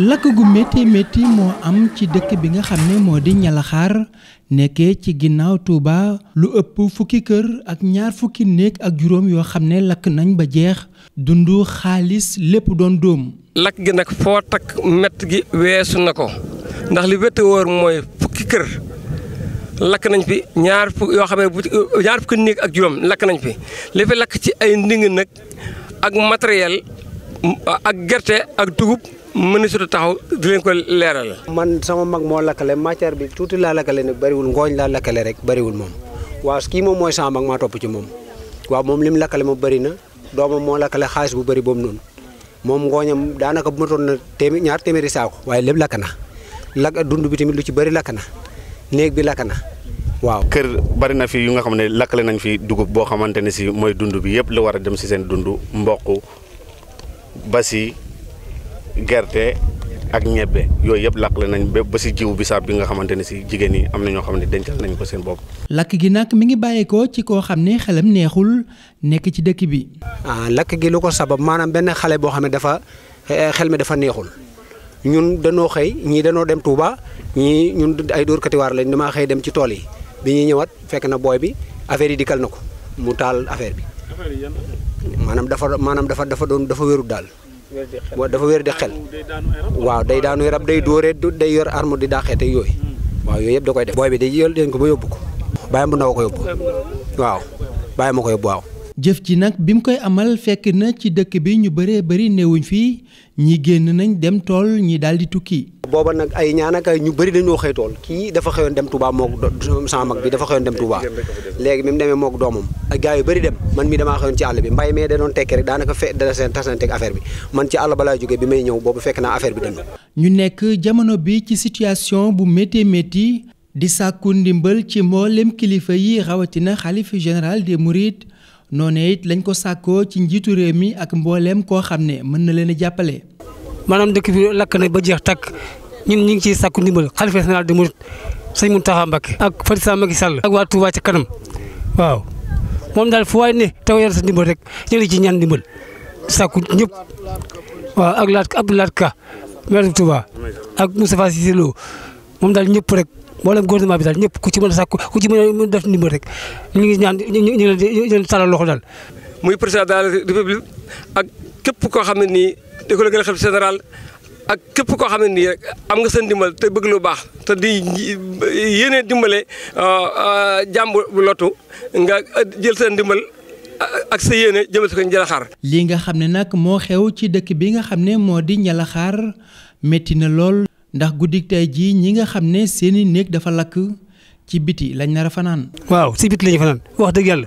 lakk gu métti métti moo am ci dëkk bi nga xam ne moo di ñalaxaar nekkee ci ginnaaw tuuba lu ëpp fukki kër ak ñaar fukki néeg ak juróom yoo xam ne lakk nañ ba jeex dund xaalis lépp doon dóom. lakk takk mett gi weesu na ko ndax li wétti nañ fi ñaar xam ne fukki néeg ak juróom lakk nañ fi li fi lakk ci ay nding nag ak matériel ak gerte ak dugub. mën mënatu taxaw di leen ko leeral. man sama mag moo lakkale matière bi tuuti laa lakkale nag bariwul ngooñ laa lakkale rek bariwul moom waa kii moom mooy sama mag maa topp ci moom waaw moom lim lakkale ma bëri na doomam moo lakkale xaalis bu bëri boobu noonu moom ngooñam daanaka bu ma toon na téeméer ñaar téeméeri saako waaye lépp lakk na lakk dund bi tamit lu ci bëri lakk néeg bi lakk waaw kër bari na fi yu nga xam ne lakkale nañ fi dugub boo xamante ne si mooy dund bi yëpp la war a dem si seen dund mboq basi gerte ak ñebbe yooyu yëpp làkkle nañ ba si jiw bi saab bi nga xamante ne si jigéen yi am na ñoo xam ne dencal nañ ko seen bopp. lakk gi nag mi ngi bàyyeekoo ci koo xam ne xelam neexul nekk ci dëkk bi. ah lakk gi lu ko sabab maanaam benn xale boo xam ne dafa eh, eh, xel mi dafa neexul ñun danoo xëy ñii danoo dem tuuba ñii ñun ay dóor katiwaar lañ damaa xëy dem ci tool yi bi ñuy ñëwaat fekk na booy bi affaire yi dikkal na ko mu taal affaire bi maanaam dafa maanaam dafa dafa doon dafa wérut daal. wa dafa wér di xel waaw day daanu rab day du day yor arme di daaxee te yooyu hmm. waaw yooyu yëpp da koy def booy bi day yël leen ko ba yóbbu ko bàyyam bu ndaw ko yóbbu waaw bàyyam ma ko yóbbu waaw jëf ji nag bi mu koy amal fekk na ci dëkk bi ñu bëree bëri néewuñ fii ñi génn nañ dem tool ñi daal di tukki. booba nag ay ñaan ak ñu bëri dañoo xëy tool kii dafa xëyoon dem Touba moog sama mag bi dafa xëyoon dem Touba léegi bi mu demee moog doomam ak gars yu bëri dem man mi damaa xëyoon ci àll bi mbay mee da doon tekki rek daanaka fe da seen tasanteeg affaire bi man ci àll balaa jógee bi may ñëw boobu fekk naa affaire bi dem. ñu nekk jamono bi ci situation bu métti métti di sàkku ndimbal ci mboolem kilifa yi rawatina xalifa général des Mourides noonee it lañ ko sàkkoo ci njiitu réew mi ak mbooleem koo xam ne mën na leen a jàppale. maanaam dëkk bi lakk na ba jeex takk ñun ñu ngi ciy sàkku ndimbal xalifa général di mourides sëñ Mountakha Mbacké ak président Macky Sall ak waa Touba ci kanam waaw moom daal foo waay ne taw yar sa ndimbal rek ñu ngi ci ñaan ndimbal sàkku ñëpp waaw ak laat Abdoulaye Ka maire Touba ak Moustapha Cissé Lo moom daal ñëpp rek. mboolem gouvernement bi daal ñëpp ku ci mën a sàkku ku ci mën a def ndimbal rek ñu ngi ñaan ñu ngi leen di ñu ngi leen daal. muy président daal la ak képp koo xam ne nii di ko la gën a xam général ak képp koo xam ne nii nga sa ndimbal te bëgg lu baax te di yéene dimbale euh, euh, jàmb lotu nga jël sa ndimbal. ak sa yéene jëmale ko Njalaxaar. lii nga xam ne nag moo xew ci dëkk bi nga xam ne moo di Njalaxaar métti na lool. ndax guddi tey jii ñi nga xam ne seeni néeg dafa lakk ci biti lañ nar a fanaan. waaw si biti lañu fanaan wax dëgg yàlla.